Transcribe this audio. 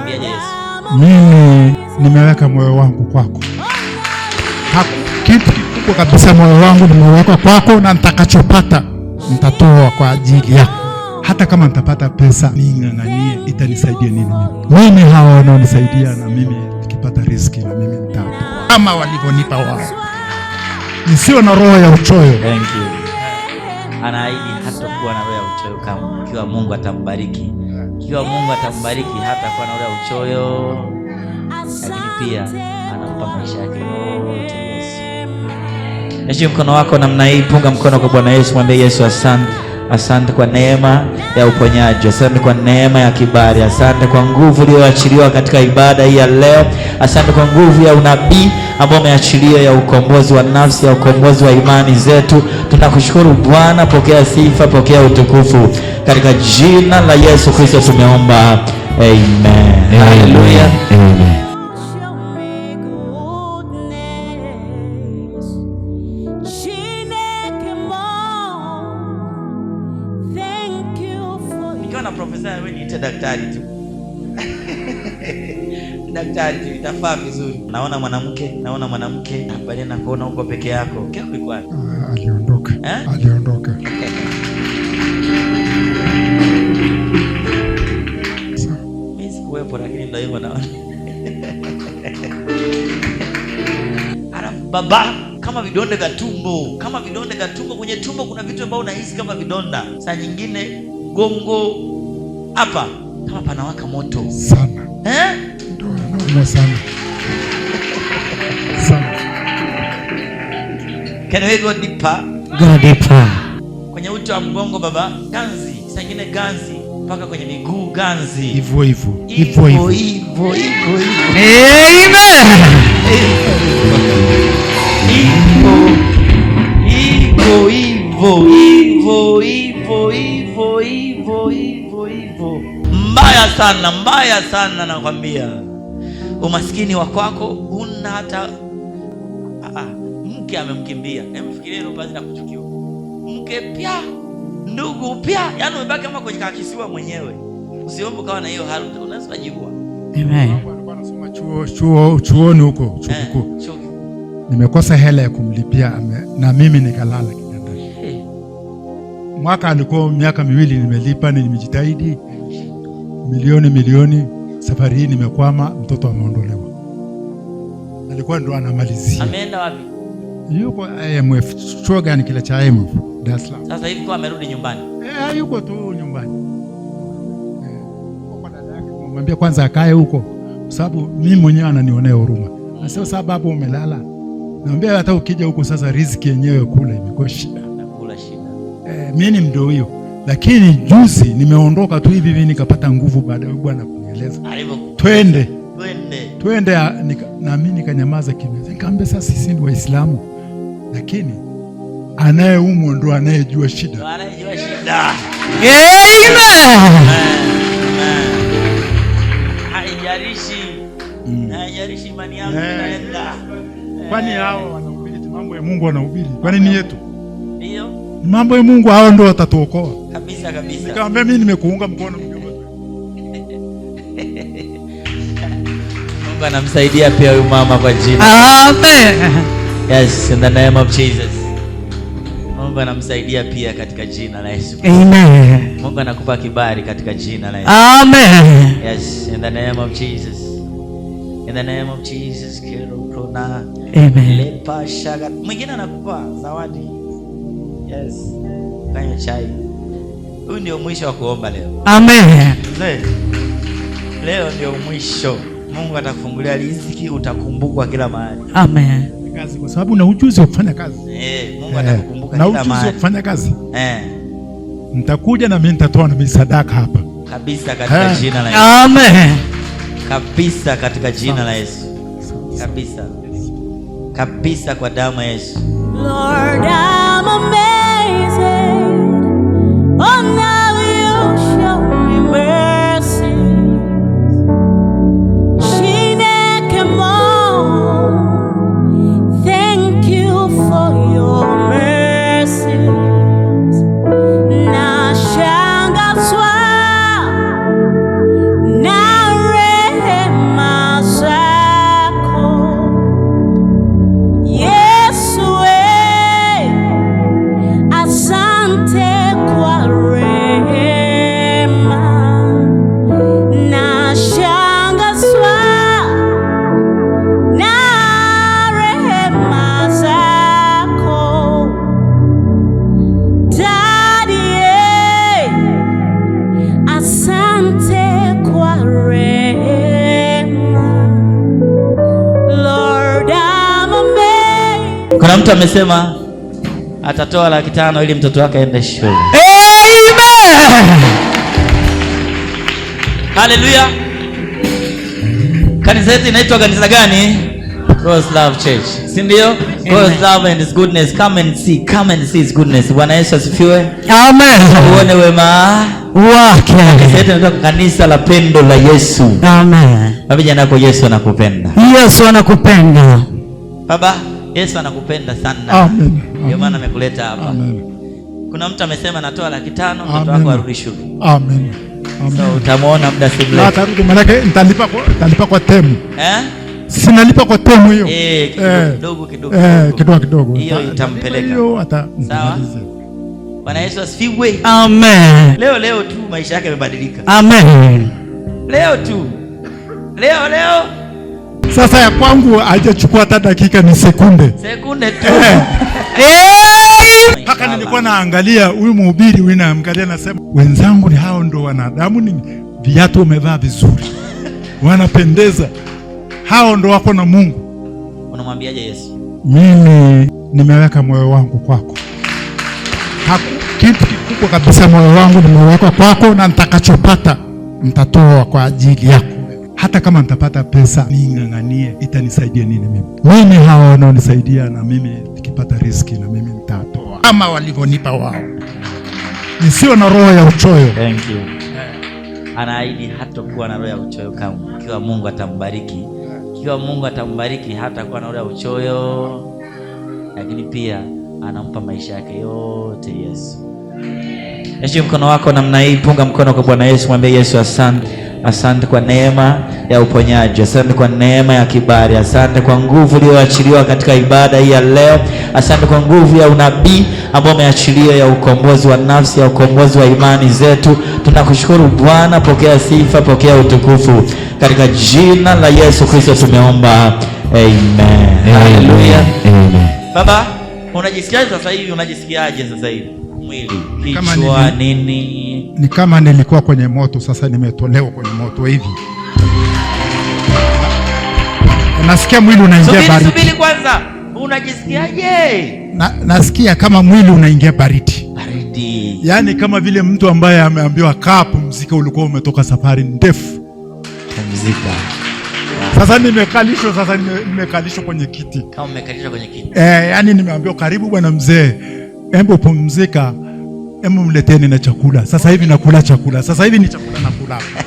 kumwambia Yesu? Mimi nimeweka moyo wangu kwako, kitu kikubwa kabisa moyo wangu nimeweka kwako, na nitakachopata nitatoa kwa ajili yako, hata kama nitapata pesa ning'ang'anie, itanisaidia nini mimi? Mimi hawa wanaonisaidia, na mimi nikipata riziki, na mimi nitapata kama walivyonipa wao, nisio na roho ya uchoyo. Thank you. Anaahidi hatakuwa na roho ya uchoyo kama, ikiwa Mungu atambariki ikiwa Mungu atambariki hata kwa na ule uchoyo, lakini pia anampa maisha yake yote Yesu. Yeshi mkono wako namna hii, punga mkono kwa Bwana Yesu, mwambie Yesu asante. Asante kwa neema ya uponyaji, asante kwa neema ya kibali, asante kwa nguvu iliyoachiliwa katika ibada hii ya leo, asante kwa nguvu ya unabii ambao umeachilia ya ukombozi wa nafsi, ya ukombozi wa imani zetu. Tunakushukuru Bwana, pokea sifa, pokea utukufu katika jina la Yesu Kristo tumeomba, amen. Haleluya, amen. profesa, wewe niite daktari tu daktari tu itafaa vizuri. Naona mwanamke, naona mwanamke, habari nakuona huko peke yako. Ah, aliondoka, eh? aliondoka. Mimi sikuwepo, lakini ndo hivyo naona. Alafu baba kama vidonde vya tumbo, kama vidonde vya tumbo. Kwenye tumbo kuna vitu ambavyo unahisi kama vidonda, saa nyingine gongo hapa kama panawaka moto sana eh? Ndio sana sana. Can we go deeper? Go deeper. Kwenye uti wa mgongo baba, ganzi, sangine ganzi mpaka kwenye miguu ganzi. Hivyo hivyo. Hivyo hivyo. Hivyo hivyo. Amen. Hivyo. Hivyo hivyo. Hivyo hivyo hivyo hivyo hivyo hivyo, mbaya sana, mbaya sana nakwambia. Umaskini wa kwako una hata ah, ah, mke amemkimbia, emfikiria hilo basi la kuchukiwa, mke pia, ndugu pia, yani umebaki kama kwenye kakisiwa mwenyewe. Usiombe ukawa na hiyo hali, unaweza jibu. Amen. chuo chuo chuoni huko eh, chuo kikuu, nimekosa hela ya kumlipia na mimi nikalala mwaka alikuwa miaka miwili nimelipa, nimejitahidi milioni milioni. Safari hii nimekwama, mtoto ameondolewa. Alikuwa ndo anamalizia. Ameenda wapi? Yuko IMF, chuo gani kile cha IMF Dar es Salaam. Sasa hivi kwa amerudi nyumbani. Eh, yuko tu nyumbani. Eh, Mwambia kwanza akae huko, kwa sababu mimi mwenyewe ananionea huruma, Sio sababu umelala, naambia hata ukija huko sasa riziki yenyewe kula imekosha mimi ni mdo huyo, lakini juzi nimeondoka tu hivi hivi nikapata nguvu baada ya bwana kunieleza twende twende twende, na mimi nikanyamaza kimya, nikamwambia sasa sisi ni Waislamu, lakini anayeumwa ndo anayejua shida, anayejua shida. Mm. Eh. Kwani eh. hao wanahubiri mambo ya Mungu, wanahubiri kwani ni yetu mambo ya Mungu, hao ndio watatuokoa kabisa kabisa. Nikamwambia mimi nimekuunga mkono Mungu anamsaidia pia huyu mama kwa jina. Amen. Yes, in the name of Jesus. Mungu anamsaidia pia katika jina la Yesu. Amen. Mungu anakupa kibali katika jina la Yesu. Amen. Yes, in the name of Jesus. In the name of Jesus. Kero Amen. Lepa Mwingine anakupa zawadi Yes. Kanywa chai. Huu ndio mwisho wa kuomba leo. Amen. Leo, leo ndio mwisho. Mungu atakufungulia riziki, utakumbukwa kila mahali. Amen. Kazi kwa sababu na ujuzi wa kufanya kazi. Eh, Mungu eh, atakukumbuka kila mahali. Na ujuzi wa kufanya kazi. Eh. Mtakuja na mimi nitatoa na mimi sadaka hapa. Kabisa katika eh, jina la Yesu. Amen. Kabisa katika jina la Yesu. Kabisa. Kabisa kwa damu ya Yesu. Lord, I'm a Oh no! Kuna mtu amesema atatoa laki tano ili mtoto wake aende shule. Amen. Haleluya. Kanisa yetu inaitwa kanisa gani? Cross Love Church. Si ndio? Cross Love and His goodness. Come and see. Come and see His goodness. Bwana Yesu asifiwe. Amen. Uone wema wake. Kanisa yetu inaitwa kanisa la pendo la Yesu. Amen. Baba, jana yako Yesu anakupenda. Yesu anakupenda. Baba Yesu anakupenda sana, ndio maana amekuleta hapa. Kuna mtu amesema natoa laki tano, mtoto wako arudi shule. Amen. So utamwona muda si mrefu. Atarudi manake nitalipa kwa nitalipa kwa temu. Eh? Sinalipa kwa temu hiyo. Eh, eh. kidogo kidogo. Eh, kidogo kidogo. Hiyo itampeleka. Hiyo hata. Sawa. Bwana Yesu asifiwe. Amen. Leo leo tu maisha yake yamebadilika. Amen. Leo tu. Leo leo sasa ya kwangu hajachukua hata dakika, ni sekunde sekunde tu eh. Eh. mpaka nilikuwa naangalia huyu mhubiri huyu, naangalia nasema, wenzangu ni hao ndo wanadamu nini, viatu wamevaa vizuri, wanapendeza, hao ndo wako na Mungu. Unamwambiaje Yesu? Mimi nimeweka moyo wangu kwako, kitu kikubwa kabisa, moyo wangu nimeweka kwako, na nitakachopata mtatoa kwa ajili yako hata kama nitapata pesa ning'ang'anie, itanisaidia nini mimi? Mimi hawa wanaonisaidia, na mimi nikipata riski, na mimi nitatoa kama walivyonipa wao, nisio na roho ya uchoyo. Thank you. Anaahidi hatakuwa na roho ya uchoyo kamwe, ikiwa Mungu atambariki, ikiwa Mungu atambariki hatakuwa na roho ya uchoyo, lakini pia anampa maisha yake yote Yesu. Yesu, mkono wako namna hii, punga mkono kwa Bwana Yesu, mwambie Yesu asante. Asante kwa neema ya uponyaji, asante kwa neema ya kibali, asante kwa nguvu iliyoachiliwa katika ibada hii ya leo. Asante kwa nguvu ya unabii ambao umeachilia ya ukombozi wa nafsi, ya ukombozi wa imani zetu. Tunakushukuru Bwana, pokea sifa, pokea utukufu, katika jina la Yesu Kristo tumeomba, amen. Haleluya, amen. Baba, unajisikiaje sasa hivi? Unajisikiaje sasa hivi? Mwili, kichwa, nini? ni kama nilikuwa kwenye moto, sasa nimetolewa kwenye moto hivi. Nasikia mwili unaingia baridi. Subiri kwanza, unajisikiaje? Na, nasikia kama mwili unaingia baridi baridi, yaani kama vile mtu ambaye ameambiwa kaa pumzika, ulikuwa umetoka safari ndefu pumzika. Sasa nimekalishwa, sasa nimekalishwa kwenye kiti, kama umekalishwa kwenye kiti eh, yaani nimeambiwa karibu bwana mzee, hebu pumzika Hebu mleteni na chakula sasa hivi, nakula chakula sasa hivi, ni chakula nakula